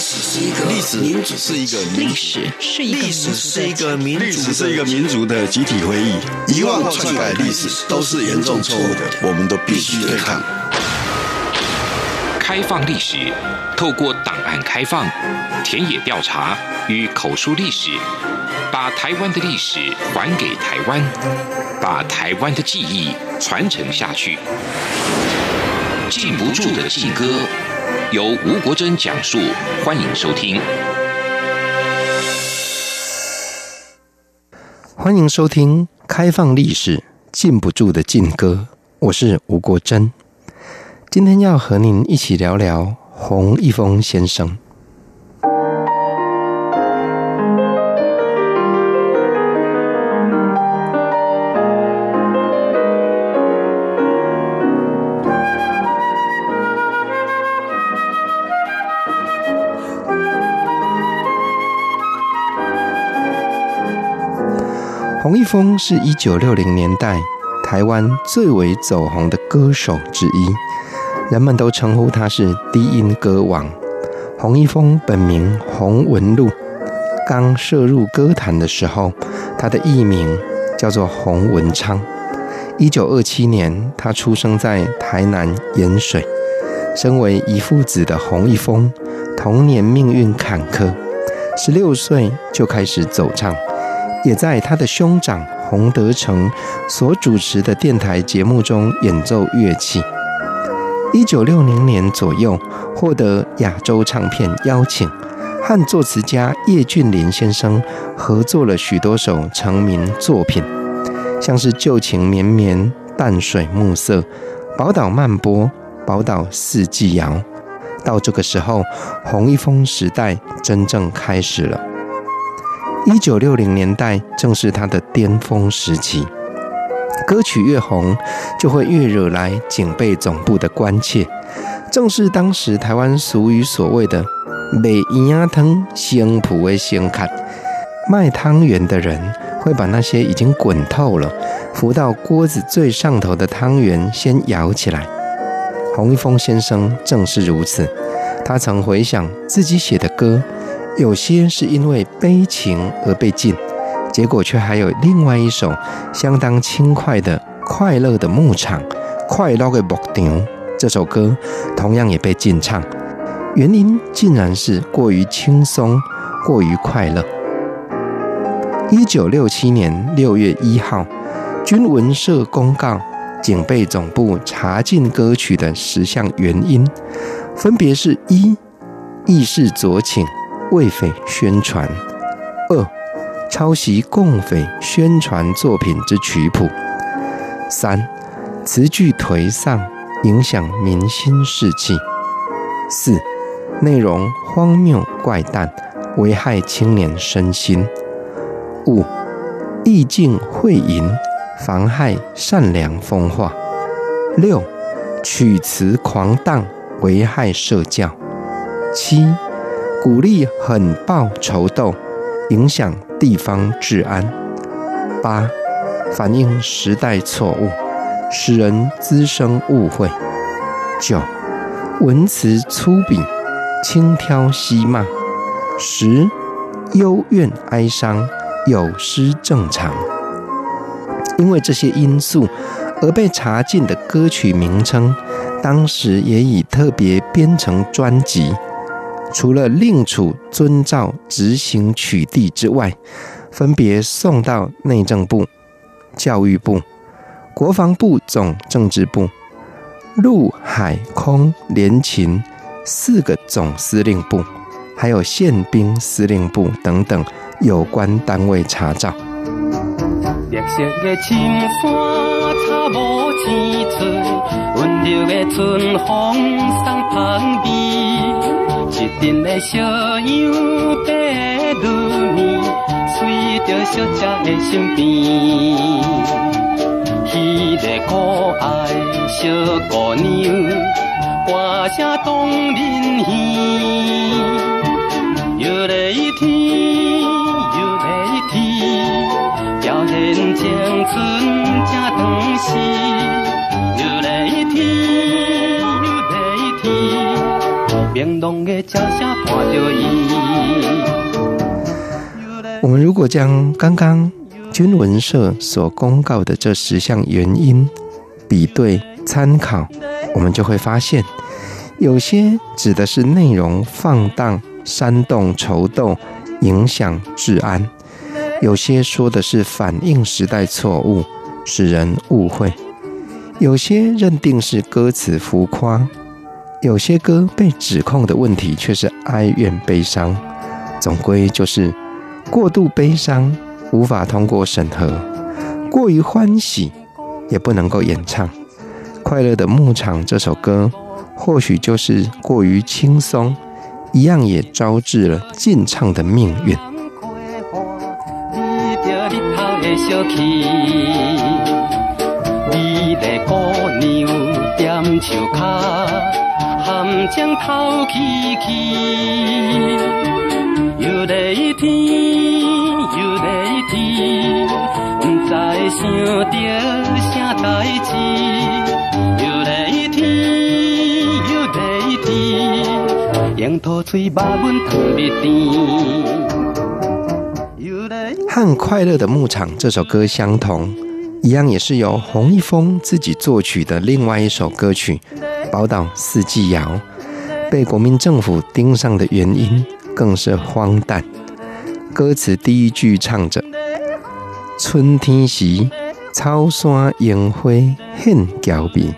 歷史是一個歷史是一個歷史，史，史是一個民族的，民族的集體回憶，遺忘、篡改歷史都是嚴重錯誤的，我們都必須對抗。開放歷史，透過檔案開放、田野調查與口述歷史，把台灣的歷史還給台灣，把台灣的記憶傳承下去。禁不住的禁歌。由吳國禎講述，歡迎收聽。歡迎收聽《開放歷史》，禁不住的禁歌，我是吳國禎。今天要和您一起聊聊洪一峰先生。洪一峰是一九六零年代台灣最為走紅的歌手之一，人們都稱呼他是低音歌王。洪一峰本名洪文路，剛涉入歌壇的時候，他的藝名叫做洪文昌。一九二七年，他出生在台南鹽水。身為遺腹子的洪一峰，童年命運坎坷，十六歲就開始走唱。也在他的兄長洪德成所主持的電台節目中演奏樂器。一九六零年左右，獲得亞洲唱片邀請，和作詞家葉俊麟先生合作了許多首成名作品，像是舊情綿綿、淡水暮色、寶島曼波、寶島四季謠。到這個時候，洪一峰時代真正開始了。一九六零年代正是他的巔峰時期，歌曲越紅，就會越惹來警備總部的關切。正是當時台灣俗語所謂的“賣圓仔湯，先浮的先舀”，賣湯圓的人會把那些已經滾透了、浮到鍋子最上頭的湯圓先舀起來。洪一峰先生正是如此，他曾回想自己寫的歌。有些是因為悲情而被禁，結果卻還有另外一首相當輕快的《快樂的牧場》，《快樂的牧場》這首歌，同樣也被禁唱，原因竟然是過於輕鬆、過於快樂。一九六七年六月一號，軍文社公告，警備總部查禁歌曲的十項原因，分別是：一、意識左傾，為匪宣傳；二、抄襲共匪宣傳作品之曲譜；三、詞句頹喪，影響民心士氣；四、內容荒謬怪誕，危害青年身心；五、意境晦淫，妨害善良風化；六、曲詞狂蕩，危害社教；七、鼓勵狠暴、仇鬥，影響地方治安。八、反映時代錯誤，使人滋生誤會。九、文詞粗鄙，輕佻嬉罵。十、幽怨哀傷，有失正常。因為這些因素而被查禁的歌曲名稱，當時也已特別編成專輯。除了另處遵照執行取締之外，分別送到內政部、教育部、國防部總政治部、陸海空聯勤四個總司令部，還有憲兵司令部等等有關單位查找。 溫柔的春風送香味，一頂的小洋白雨衣，隨着小家的身邊。那個可愛的小姑娘，歌聲動人，有又一天，又在一天，表然青春正當時。我們如果將剛剛軍文社所公告的這十項原因比對參考，我們就會發現，有些指的是內容放蕩、煽動、仇鬥、影響治安；有些說的是反映時代錯誤，使人誤會；有些認定是歌詞浮誇。有些歌被指控的問題卻是哀怨悲傷，總歸就是過度悲傷無法通過審核，過於歡喜也不能夠演唱。《快樂的牧場》這首歌或許就是過於輕鬆，一樣也招致了禁唱的命運。 和《快樂的牧場》這首歌相同，一樣也是由洪一峰自己作曲的另外一首歌曲。寶島四季謠被國民政府盯上的原因更是荒誕。歌詞第一句唱着“春天時草山煙花很嬌美”，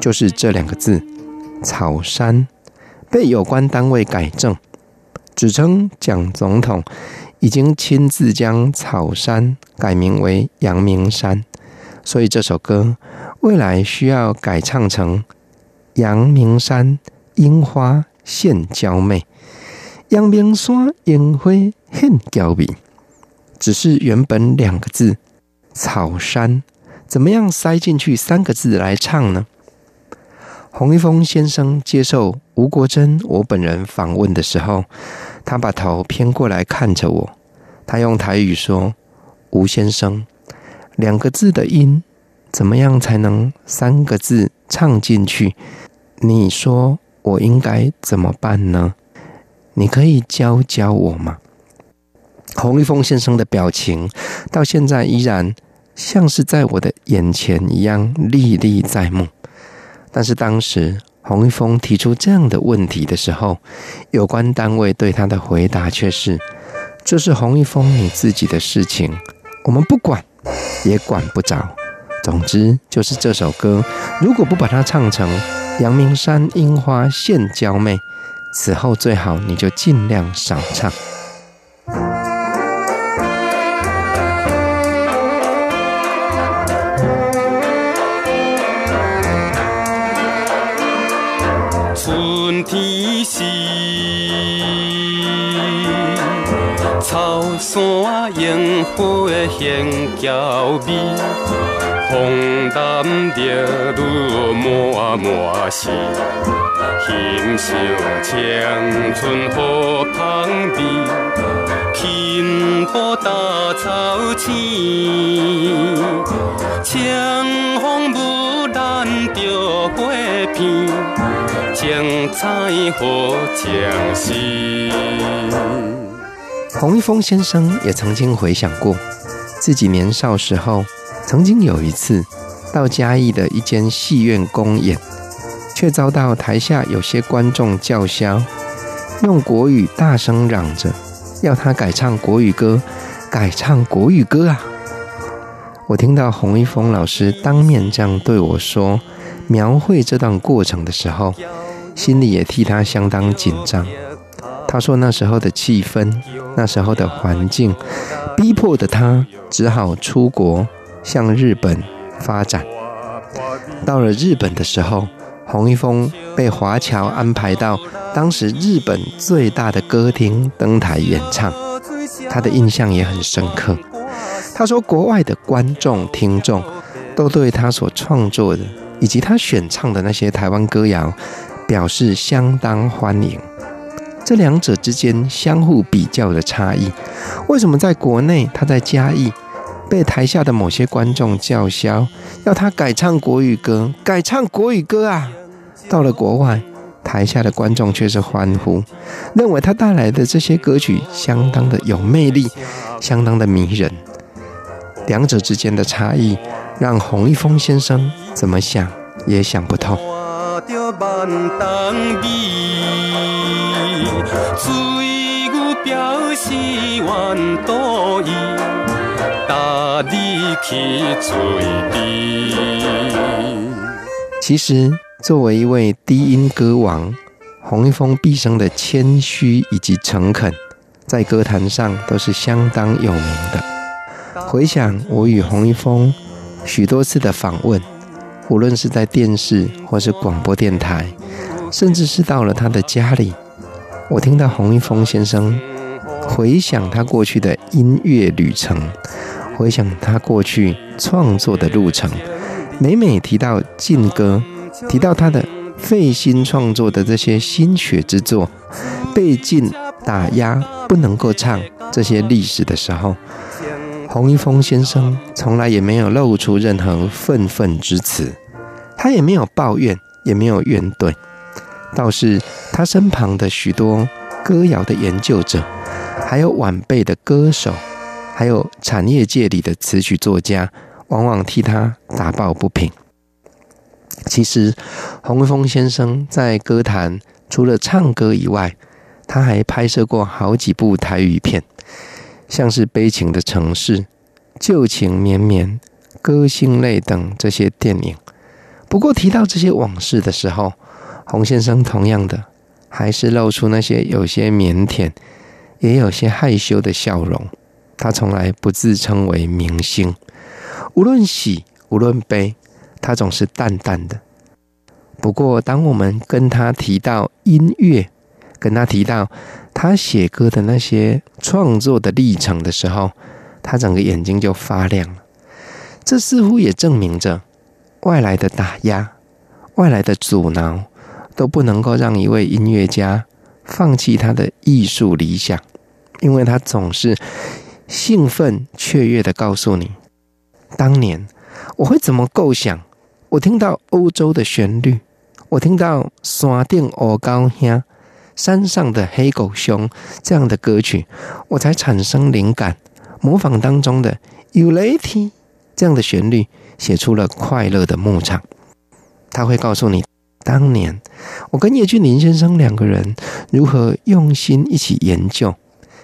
就是這兩個字“草山”被有關單位改正，指稱蔣總統已經親自將草山改名為陽明山，所以這首歌未來需要改唱成。陽明山櫻花現嬌媚，陽明山櫻花很嬌美。只是原本兩個字，草山，怎麼樣塞進去三個字來唱呢？洪一峰先生接受吳國珍我本人訪問的時候，他把頭偏過來看着我，他用台語說：“吳先生，兩個字的音。”怎麼樣才能三個字唱進去？你說我應該怎麼辦呢？你可以教教我嗎？洪一峰先生的表情到現在依然像是在我的眼前一樣歷歷在目。但是當時洪一峰提出這樣的問題的時候，有關單位對他的回答卻是：“這就是洪一峰你自己的事情，我們不管，也管不着。”總之就是這首歌，如果不把它唱成《陽明山櫻花獻嬌媚》，此後最好你就盡量少唱。山野花香嬌美風淡着無啊無啊春春雨滿脈時，欣賞青春好芳菲，輕波稻草青，清風無染着花片，精彩好江山。洪一峰先生也曾經回想過，自己年少時候曾經有一次到嘉義的一間戲院公演，卻遭到台下有些觀眾叫囂，用國語大聲嚷着要他改唱國語歌，改唱國語歌啊！我聽到洪一峰老師當面這樣對我說，描繪這段過程的時候，心裡也替他相當緊張。他說：“那時候的氣氛，那時候的環境，逼迫著他只好出國，向日本發展。到了日本的時候，洪一峰被華僑安排到當時日本最大的歌廳登台演唱，他的印象也很深刻。他說，國外的觀眾聽眾都對他所創作的以及他選唱的那些台灣歌謠表示相當歡迎。”這兩者之間相互比較的差異，為什麼在國內他在嘉義被台下的某些觀眾叫囂，要他改唱國語歌，改唱國語歌啊？到了國外，台下的觀眾卻是歡呼，認為他帶來的這些歌曲相當的有魅力，相當的迷人。兩者之間的差異，讓洪一峰先生怎麼想也想不通。其實，作為一位低音歌王，洪一峰畢生的謙虛以及誠懇，在歌壇上都是相當有名的。回想我與洪一峰許多次的訪問，無論是在電視或是廣播電台，甚至是到了他的家裡，我聽到洪一峰先生回想他過去的音樂旅程，回想他過去創作的路程，每每提到禁歌，提到他的費心創作的這些心血之作，被禁打壓，不能夠唱這些歷史的時候，洪一峰先生從來也沒有露出任何憤憤之詞。他也沒有抱怨，也沒有怨懟，倒是他身旁的許多歌謠的研究者，還有晚輩的歌手，還有產業界裡的詞曲作家，往往替他打抱不平。其實，洪一峰先生在歌壇除了唱歌以外，他還拍攝過好幾部台語片，像是《悲情的城市》、《舊情綿綿》、《歌星淚》等這些電影。不過提到這些往事的時候，洪先生同樣的還是露出那些有些靦腆、也有些害羞的笑容。他從來不自稱為明星，無論喜無論悲，他總是淡淡的。不過當我們跟他提到音樂，跟他提到他寫歌的那些創作的歷程的時候，他整個眼睛就發亮了。這似乎也證明着，外來的打壓、外來的阻撓，都不能夠讓一位音樂家放棄他的藝術理想，因為他總是興奮雀躍地告訴你：當年我會怎麼構想？我聽到歐洲的旋律，我聽到山頂鵝高香、山上的黑狗熊這樣的歌曲，我才產生靈感，模仿當中的《Ulyt》。這樣的旋律寫出了快樂的牧場。他會告訴你，當年我跟葉俊麟先生兩個人如何用心一起研究，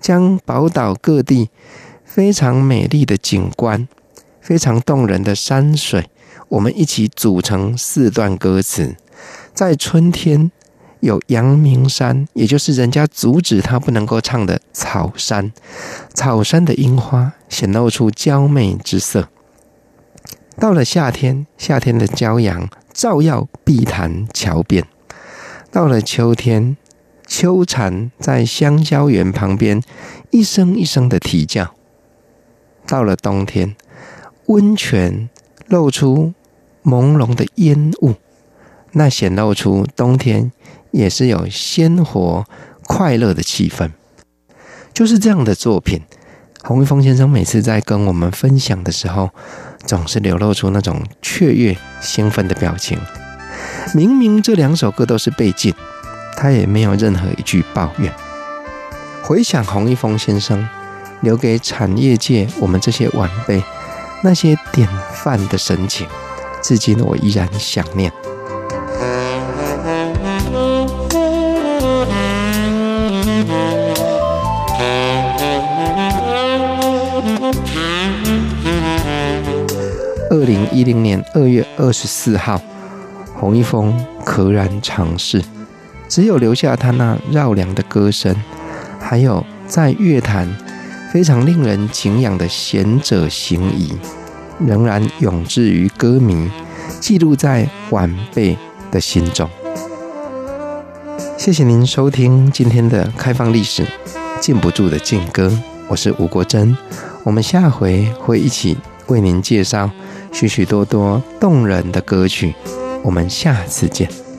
將寶島各地非常美麗的景觀、非常動人的山水，我們一起組成四段歌詞。在春天，有陽明山，也就是人家阻止他不能夠唱的草山，草山的櫻花顯露出嬌媚之色。到了夏天，夏天的驕陽照耀碧潭橋邊；到了秋天，秋蟬在香蕉園旁邊一聲一聲的啼叫；到了冬天，溫泉露出朦朧的煙霧，那顯露出冬天也是有鮮活快樂的氣氛。就是這樣的作品。洪一峰先生每次在跟我們分享的時候，總是流露出那種雀躍、興奮的表情。明明這兩首歌都是被禁，他也沒有任何一句抱怨。回想洪一峰先生留給產業界我們這些晚輩那些典範的神情，至今我依然想念。一零年二月二十四號，洪一峰溘然長逝，只有留下他那繞樑的歌聲，還有在樂壇非常令人敬仰的賢者行誼，仍然永志於歌迷，記錄在晚輩的心中。謝謝您收聽今天的《開放歷史》，禁不住的禁歌，我是吳國禎，我們下回會一起為您介紹。許許多多動人的歌曲，我們下次見。